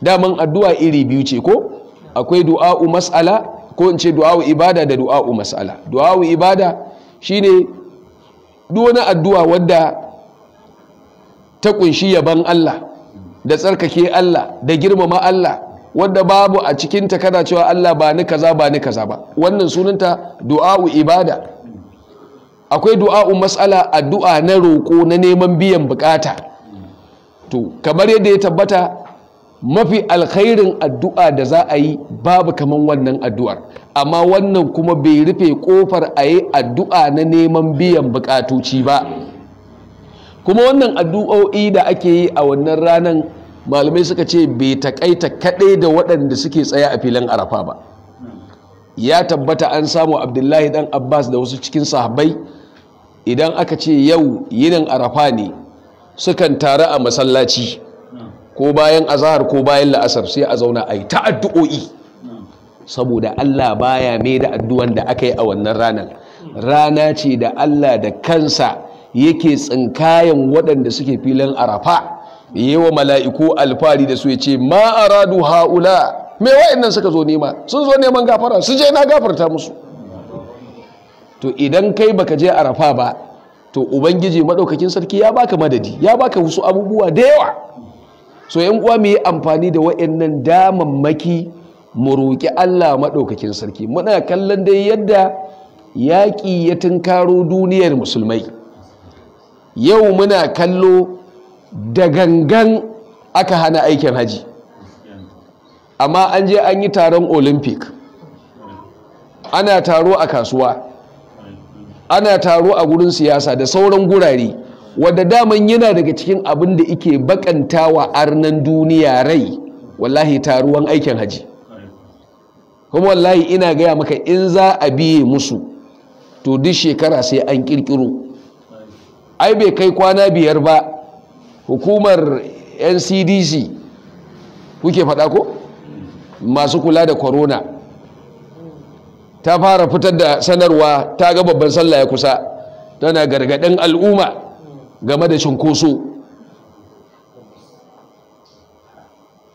daman addu'a iri biyu ce ko akwai du'a'u mas'ala ko in ce du'a'u ibada da du'a'u mas'ala du'a'u ibada shine duk wani addu'a wadda ta kunshi yaban Allah da tsarkake Allah da girmama Allah wadda babu a cikinta kana cewa Allah ba ni kaza ba ni kaza ba wannan sunanta du'a'u ibada akwai du'a'u mas'ala addu'a na roko na neman biyan bukata to kamar yadda ya tabbata mafi alkhairin addu'a da za a yi babu kaman wannan addu'ar amma wannan kuma bai rufe kofar a yi addu'a na neman biyan bukatoci ba kuma wannan addu'o'i da ake yi a wannan ranar malamai suka ce bai takaita kaɗai da waɗanda suke tsaya a filin arafa ba ya tabbata an samu abdullahi dan abbas da wasu cikin sahabbai idan aka ce yau yinin arafa ne sukan tare a masallaci ko bayan azahar ko bayan la'asar sai a zauna a yi ta addu'o'i saboda Allah baya mai da addu'an da aka yi a wannan ranar rana ce da Allah da kansa yake tsinkayan waɗanda suke filin arafa yawa mala'iku alfari da su ya ce ma radu ha'ula mai nan suka zo nema sun zo neman gafara su je na gafarta musu to idan kai baka je arafa ba to ubangiji maɗaukakin sarki ya baka madadi ya baka wasu abubuwa da yawa so yan uwa mu yi amfani da waɗannan damammaki mu roƙi Allah maɗaukakin sarki muna kallon dai yadda yaƙi ya tunkaro duniyar musulmai yau muna kallo da gangan aka hana aikin haji amma an je an yi taron olympic ana taro a kasuwa ana taro a gurin siyasa da sauran gurare wadda daman yana daga cikin abin da ike bakanta wa arnan duniya rai wallahi taruwan aikin haji kuma wallahi ina gaya maka in za a biye musu to duk shekara sai an kirkiro ai bai kai kwana biyar ba hukumar ncdc kuke faɗa ko masu kula da corona ta fara fitar da sanarwa ta ga babban sallah ya kusa tana gargadin al'umma game da cunkoso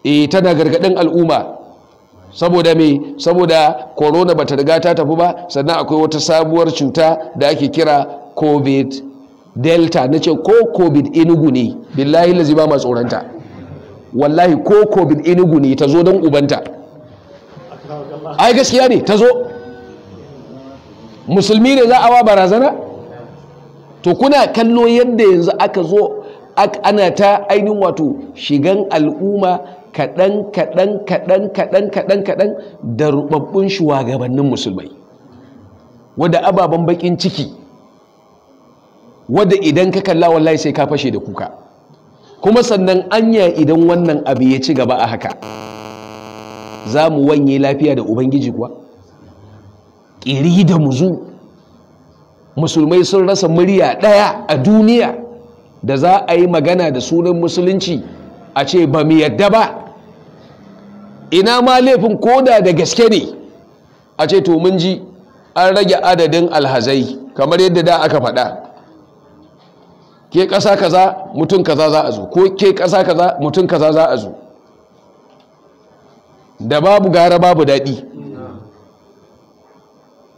e tana gargadin al'umma saboda me saboda corona bata riga ta tafi ba sannan akwai wata sabuwar cuta da ake kira covid delta na ce ko covid inugu ne billahi lazi ba tsoronta wallahi ko covid inugu ne ta zo don ubanta ai gaskiya ne ta zo musulmi ne za a wa barazana to kuna kallo yadda yanzu aka zo ana ta ainihin wato shigan al'umma kaɗan kaɗan kaɗan kaɗan kaɗan kaɗan da rubabbun shugabannin musulmai wadda ababen bakin ciki wadda idan ka kalla wallahi sai ka fashe da kuka kuma sannan anya idan wannan abu ya ci gaba a haka za mu wanye lafiya da ubangiji kuwa ƙiri da muzu musulmai sun rasa murya ɗaya a duniya da za a yi magana da sunan musulunci a ce ba mu yadda ba ina ma laifin koda da gaske ne a ce to mun ji an rage adadin alhazai kamar yadda da aka faɗa ke ƙasa kaza mutum kaza za a zo ko ke ƙasa kaza mutum kaza za a zo da babu gara babu daɗi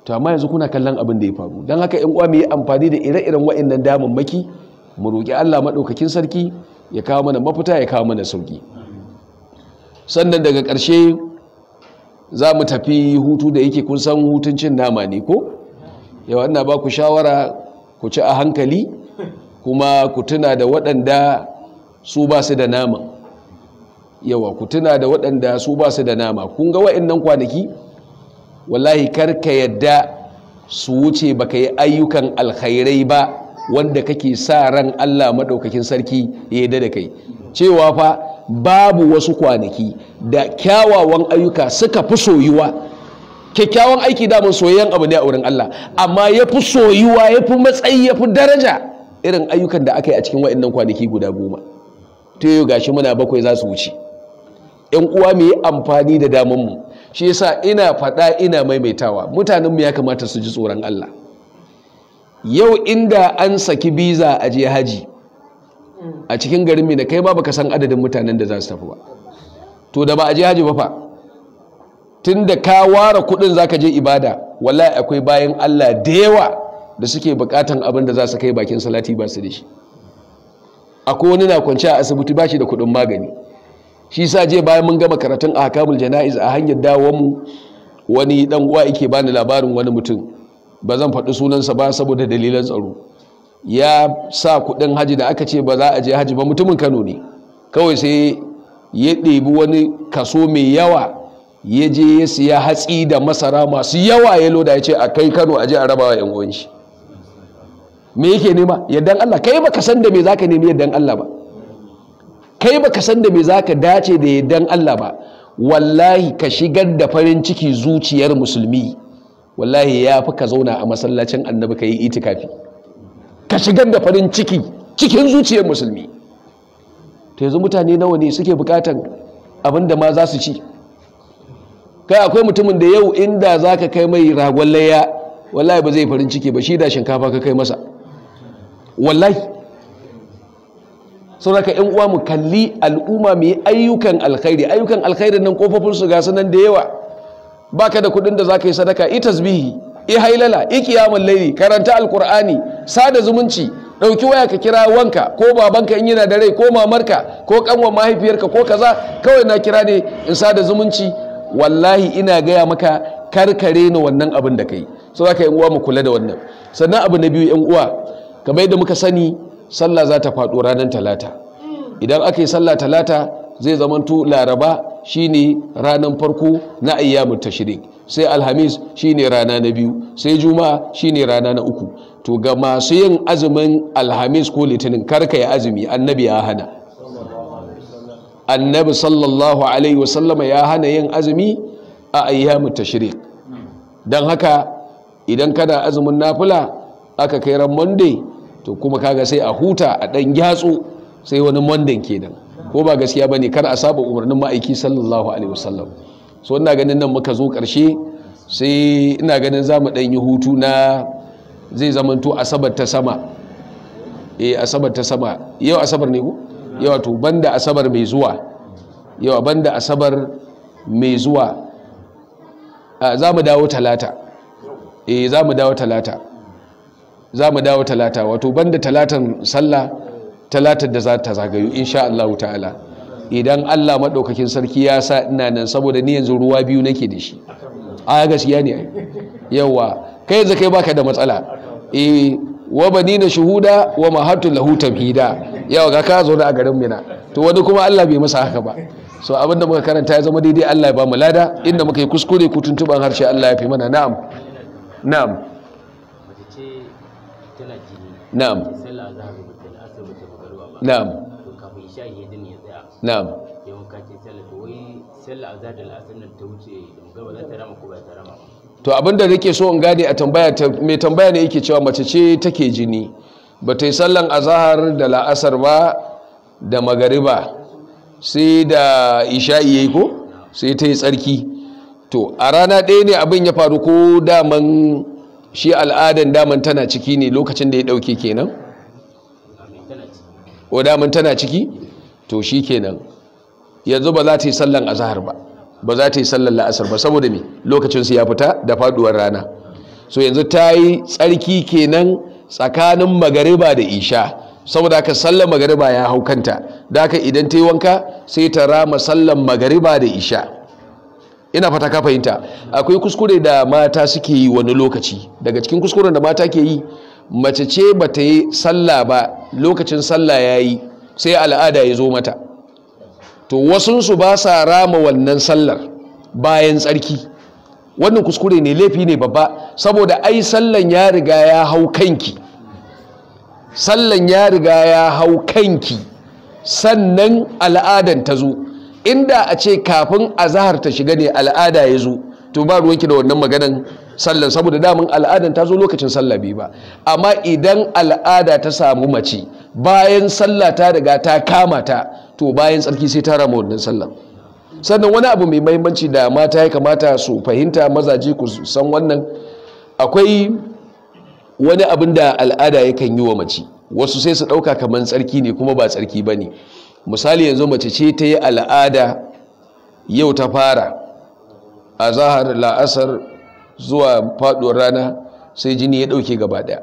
to amma yanzu kuna kallon abin da ya faru don haka yan uwa yi amfani da ire-iren waɗannan maki mu roƙi Allah maɗaukakin sarki ya kawo mana mafita ya kawo mana sauki sannan daga ƙarshe za mu tafi hutu da yake kun san hutun cin nama ne ko yawa ina ba ku shawara ku ci a hankali kuma ku tuna da waɗanda su ba su da nama yawa ku tuna da waɗanda su ba su da nama kun ga waɗannan kwanaki wallahi karka yadda su wuce baka yi ayyukan alkhairai ba wanda kake sa ran Allah maɗaukakin sarki ya yarda da kai cewa fa babu wasu kwanaki da kyawawan ayyuka suka fi soyuwa kyakkyawan aiki damun soyayyen abu ne a wurin Allah amma ya fi soyuwa ya fi matsayi ya fi daraja irin ayyukan da aka yi a cikin nan kwanaki guda goma ta yau gashi muna bakwai za su wuce ‘yan uwa mu yi amfani da damanmu shi yasa ina faɗa ina maimaitawa mutanenmu ya kamata su ji tsoron Allah yau inda an saki biza a je haji a cikin garin mina kai ba baka san adadin mutanen da za su tafi ba to da ba a je haji ba fa tun da ka ware kudin za ka je ibada wallahi akwai bayan Allah da yawa da suke bukatan abin da za su kai bakin salati ba su da shi akwai wani na kwanci a asibiti ba shi da kudin magani shi sa je bayan mun gama karatun a kamul jana'iz a hanyar dawonmu wani dan uwa yake bani labarin wani mutum ba zan faɗi sunansa ba saboda dalilan tsaro ya sa kuɗin haji da aka ce ba za a je haji ba mutumin kano ne kawai sai ya ɗebi wani kaso mai yawa ya je ya siya hatsi da masara masu yawa ya loda ya ce a kai kano a je a rabawa yan uwanshi me yake nema yaddan Allah kai baka san da me zaka nemi yaddan Allah ba kai baka san da me ka dace da yardan Allah ba wallahi ka shigar da farin ciki zuciyar musulmi wallahi ya fi ka zauna a masallacin annabi ka yi itikafi ka shigar da farin ciki cikin zuciyar musulmi ta yanzu mutane nawa ne suke bukatan abin da ma za su ci kai akwai mutumin da yau inda za ka kai mai ragon layya wallahi ba zai farin ciki ba shi da shinkafa ka kai masa wallahi sauraka yan uwa mu kalli al'umma mai ayyukan alkhairi ayyukan alkhairin nan kofofin su ga sanan da yawa baka da kuɗin da zaka yi sadaka i tasbihi i hailala i qiyamul layli karanta alqur'ani sada zumunci Ɗauki waya ka kira wanka ko babanka in yana da rai ko mamarka ko kanwa mahaifiyarka ko kaza kawai na kira ne in sada zumunci wallahi ina gaya maka karkare ni wannan abin da kai za ka yan uwa mu kula da wannan sannan abu na biyu yan uwa kamar yadda muka sani sallah za ta faɗo ranar talata idan aka yi sallah talata zai zamanto laraba shine ranar farko na ayyamin tashrik sai alhamis shine rana na biyu sai juma'a shine rana na uku to ga masu yin azumin alhamis ko litinin karka ya azumi annabi ya hana annabi sallallahu alaihi wasallama ya hana yin azumi a ayyamin tashrik don haka idan kana azumin nafila aka kai ran monday to kuma kaga sai a huta a ɗan yatsu sai wani mondan kenan ko ba gaskiya bane kar a saba umarnin ma'aiki sallallahu alaihi wasallam so ina ganin nan muka zo ƙarshe sai ina ganin za mu ɗan yi hutu na zai zamanto asabar ta sama eh asabar ta sama yau asabar ne ko? yawa to banda asabar mai zuwa yawa banda asabar mai zuwa ah, za mu dawo talata eh za mu dawo talata za mu dawo talata wato banda talatan sallah talatar da za ta zagayu insha Allah ta'ala idan Allah maɗaukakin sarki ya sa ina nan saboda ni yanzu ruwa biyu nake da shi a gaskiya ne yawa kai yanzu kai baka da matsala e wa banina shuhuda wa mahattu lahu tamhida yawa ga ka zo da a garin mina to wani kuma Allah bai masa haka ba so abinda muka karanta ya zama daidai Allah ya ba mu lada inda muka yi kuskure ku tuntuban harshe Allah ya fi mana na'am na'am na'am na'am na'am to abinda nake so in gane a tambaya mai tambaya ne yake cewa mace ce take jini ba ta yi sallan azahar da la'asar ba da magariba sai da isha'i yayi ko sai ta yi tsarki to a rana ɗaya ne abin ya faru ko daman shi al'adan daman tana ciki ne lokacin da ya dauke kenan o daman tana ciki to shi kenan yanzu ba za ta yi sallan zahar ba ba za ta yi sallan la'asar ba saboda me lokacinsu ya fita da faduwar rana so yanzu ta yi tsarki kenan tsakanin magariba da isha saboda haka sallan magariba ya hau kanta da haka idan ta yi wanka sai ta rama sallan magariba da isha ina fata ka fahimta akwai kuskure da mata suke yi wani lokaci daga cikin kuskuren da mata ke yi mace ce ba ta yi sallah ba lokacin sallah ya yi sai al'ada ya zo mata to wasunsu ba sa rama wannan sallar bayan tsarki wannan kuskure ne laifi ne babba saboda ai sallan ya riga ya hau kanki sallan ya riga ya hau kanki sannan al'adan ta zo inda a ce kafin azahar ta shiga ne al'ada ya zo to ba ruwanki da wannan maganan sallan saboda damin al'adan ta zo lokacin sallah bi ba amma idan al'ada ta samu mace bayan sallah ta riga ta kama ta to bayan tsarki sai ta rama wannan sallan sannan wani abu mai mahimmanci da mata ya kamata su fahimta mazaje ku san wannan akwai wani abin da al'ada yakan yi wa mace wasu sai su ɗauka kamar tsarki ne kuma ba tsarki ba ne misali yanzu mace ce ta yi al'ada yau ta fara a zahar la'asar zuwa faɗuwar rana sai jini ya ɗauke gaba daya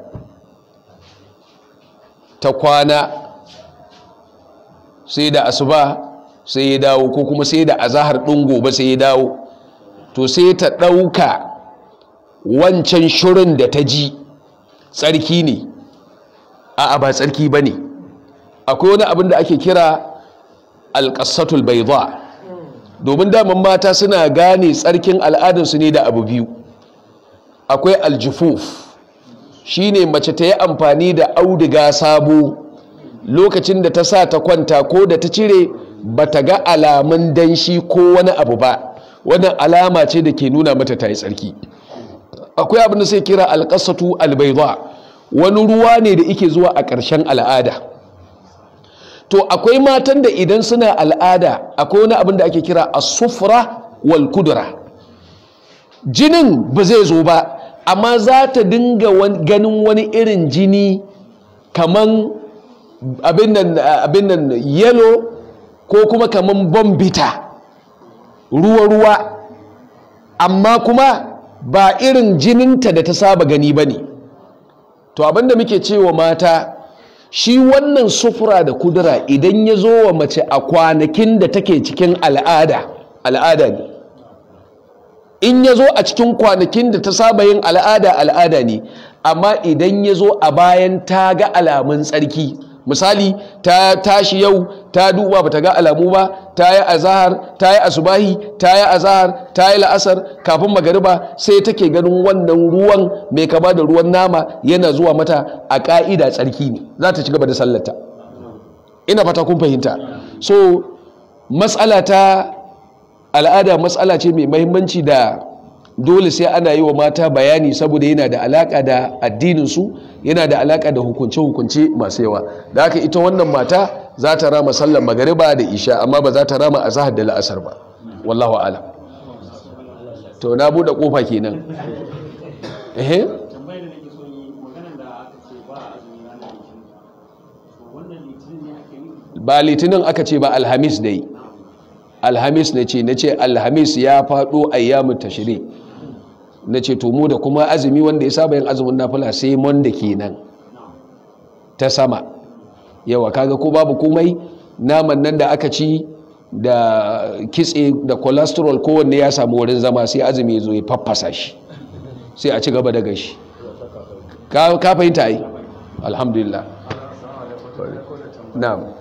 ta kwana sai da asuba sai ya dawo ko kuma sai da azahar ɗin gobe sai ya dawo to sai ta ɗauka wancan shirin da ta ji tsarki ne a ba tsarki ba ne akwai wani abin da ake kira alƙasatul bai zuwa domin damar mata suna gane tsarkin su ne da abu biyu akwai aljufuf shi ne mace ta yi amfani da auduga sabo lokacin da ta sa ta kwanta ko da ta cire ba ta ga alamun danshi ko wani abu ba wannan alama ce da ke nuna mata ta yi tsarki akwai abin da sai kira alƙasatu albaiza wani ruwa ne da ike zuwa a ƙarshen al'ada to akwai matan da idan suna al'ada akwai wani abin da ake kira asufra wal kudura jinin ba zai zo ba amma za ta dinga ganin wani irin jini kaman abin nan yalo ko kuma kaman bombita ruwa-ruwa amma kuma ba irin jininta da ta saba gani ba ne to abin da muke cewa mata shi wannan sufura da kudura idan ya zo wa mace a kwanakin da take cikin al'ada al'ada ne in ya zo a cikin kwanakin da ta saba yin al'ada al'ada ne amma idan ya zo a bayan ta ga alamun tsarki misali ta tashi yau ta duba bata ga alamu ba ta yi azahar ta yi asubahi ta yi azahar ta yi la'asar kafin magariba sai take ganin wannan ruwan mai kama da ruwan nama yana zuwa mata a ka'ida tsarki ne za ta ci gaba da sallarta ina fata kun fahimta so matsala ta al'ada matsala ce mai mahimmanci da dole sai ana yi wa mata bayani saboda yana da alaka da addininsu yana da alaka da hukunce-hukunce masu yawa da haka ita wannan mata za ta rama sallar magariba da isha amma ba za ta rama zahar da la'asar ba wallahu ala. to na buɗe ƙofa kenan ehe ba litinin aka ce ba alhamis yi. alhamis na ce na ce alhamis ya faɗo ayyamin tashirin. na ce to mu da kuma azumi wanda ya saba yin azumin nafila sai monday kenan ta sama yawa kaga ko babu komai naman nan da aka ci da kitse da cholesterol kowanne ya samu wurin zama sai azumi ya zo ya faffasa shi sai a ci gaba da gashi ka fahimta yi alhamdulillah na'am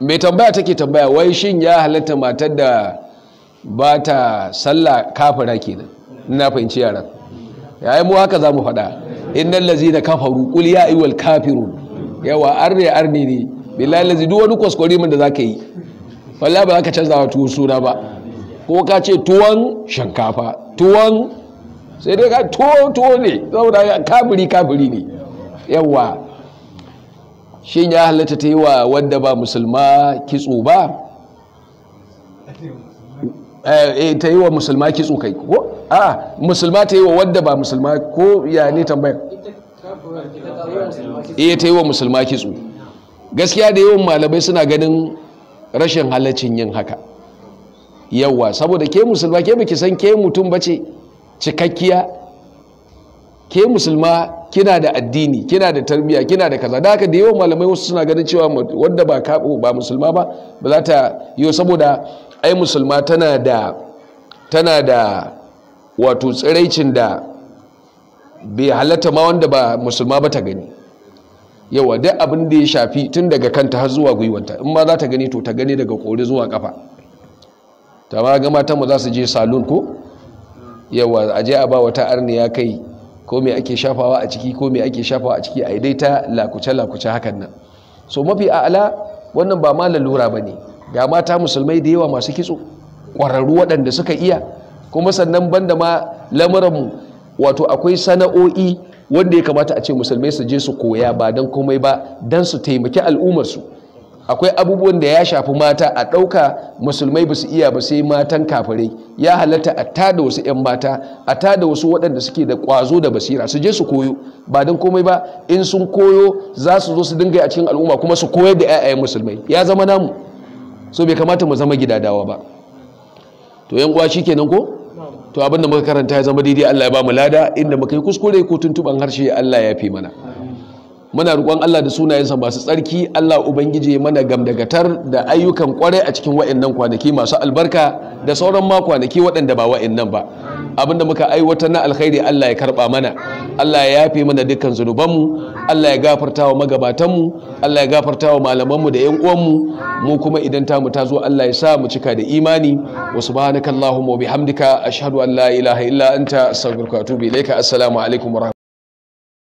mai tambaya take tambaya wai shin ya halatta matar da ba ta sallah kafira kenan ina fahimci yaran yayin mu haka za mu faɗa innal lazina kafaru qul ya ayyuhal kafirun yawa arne arne ne billahi lazi duk wani kwaskwari min da zaka yi wallahi ba zaka canza wa tuwo suna ba ko ka ce tuwon shankafa tuwon sai dai ka tuwo tuwo ne saboda kafiri kafiri ne yawa shin ya halatta ta yi wa wadda ba musulma kitso ba eh, eh, ta yi wa musulma kitso kai ko a musulma ta yi wa wadda ba musulma ko ya ne tambayar eh ta yi wa musulma kitso gaskiya da yawan malamai suna ganin rashin halaccin yin haka yawa saboda ke musulma ke baki san ke mutum bace cikakkiya ke musulma kina da addini kina da tarbiyya kina da kaza da haka da yawan malamai wasu suna ganin cewa wanda ba kabo ba musulma ba ba za ta yi saboda ai musulma tana da tana da wato tsiraicin da bai halatta ma wanda ba musulma ba ta gani yawa duk abin da ya shafi tun daga kanta har zuwa gwiwanta in ma za ta gani to ta gani daga kori zuwa kafa ta ma ga matan mu za su je salon ko yawa a je a ba wata arniya kai ko me ake shafawa a ciki ko me ake shafawa a ciki a dai ta lakuce-lakuce hakan nan so mafi a'ala wannan ba ma lalura ba ne ga mata musulmai da yawa masu kitso ƙwararru waɗanda suka iya kuma sannan banda ma lamuranmu wato akwai sana'o'i wanda ya kamata a ce musulmai su je su koya ba don komai ba don su taimaki al'ummarsu akwai abubuwan da ya shafi mata a ɗauka musulmai ba su iya ba sai matan kafirai ya halatta a tada wasu 'yan mata a tada wasu waɗanda suke da ƙwazo da basira su je su koyo ba don komai ba in sun koyo za su zo su dinga a cikin al'umma kuma su koyar da 'ya'yan musulmai ya zama namu so bai kamata mu zama gidadawa ba to yan uwa kenan ko to abinda muka karanta ya zama daidai Allah ya ba mu lada inda muka yi kuskure ko tuntuban harshe Allah ya fi mana muna roƙon Allah da sunayensa masu tsarki Allah ubangiji mana gamdagatar da ayyukan kwarai a cikin wa'annan kwanaki masu albarka da sauran ma kwanaki waɗanda ba wa'annan ba abinda muka aiwatar na alkhairi Allah ya karɓa mana Allah ya yafe mana dukkan zunubanmu Allah ya gafarta wa magabatanmu Allah ya gafarta wa malamanmu da yan uwanmu mu kuma idan tamu ta zo Allah ya sa mu cika da imani wa subhanakallahumma wa bihamdika ashhadu an la ilaha illa anta astaghfiruka wa atubu ilaika assalamu alaikum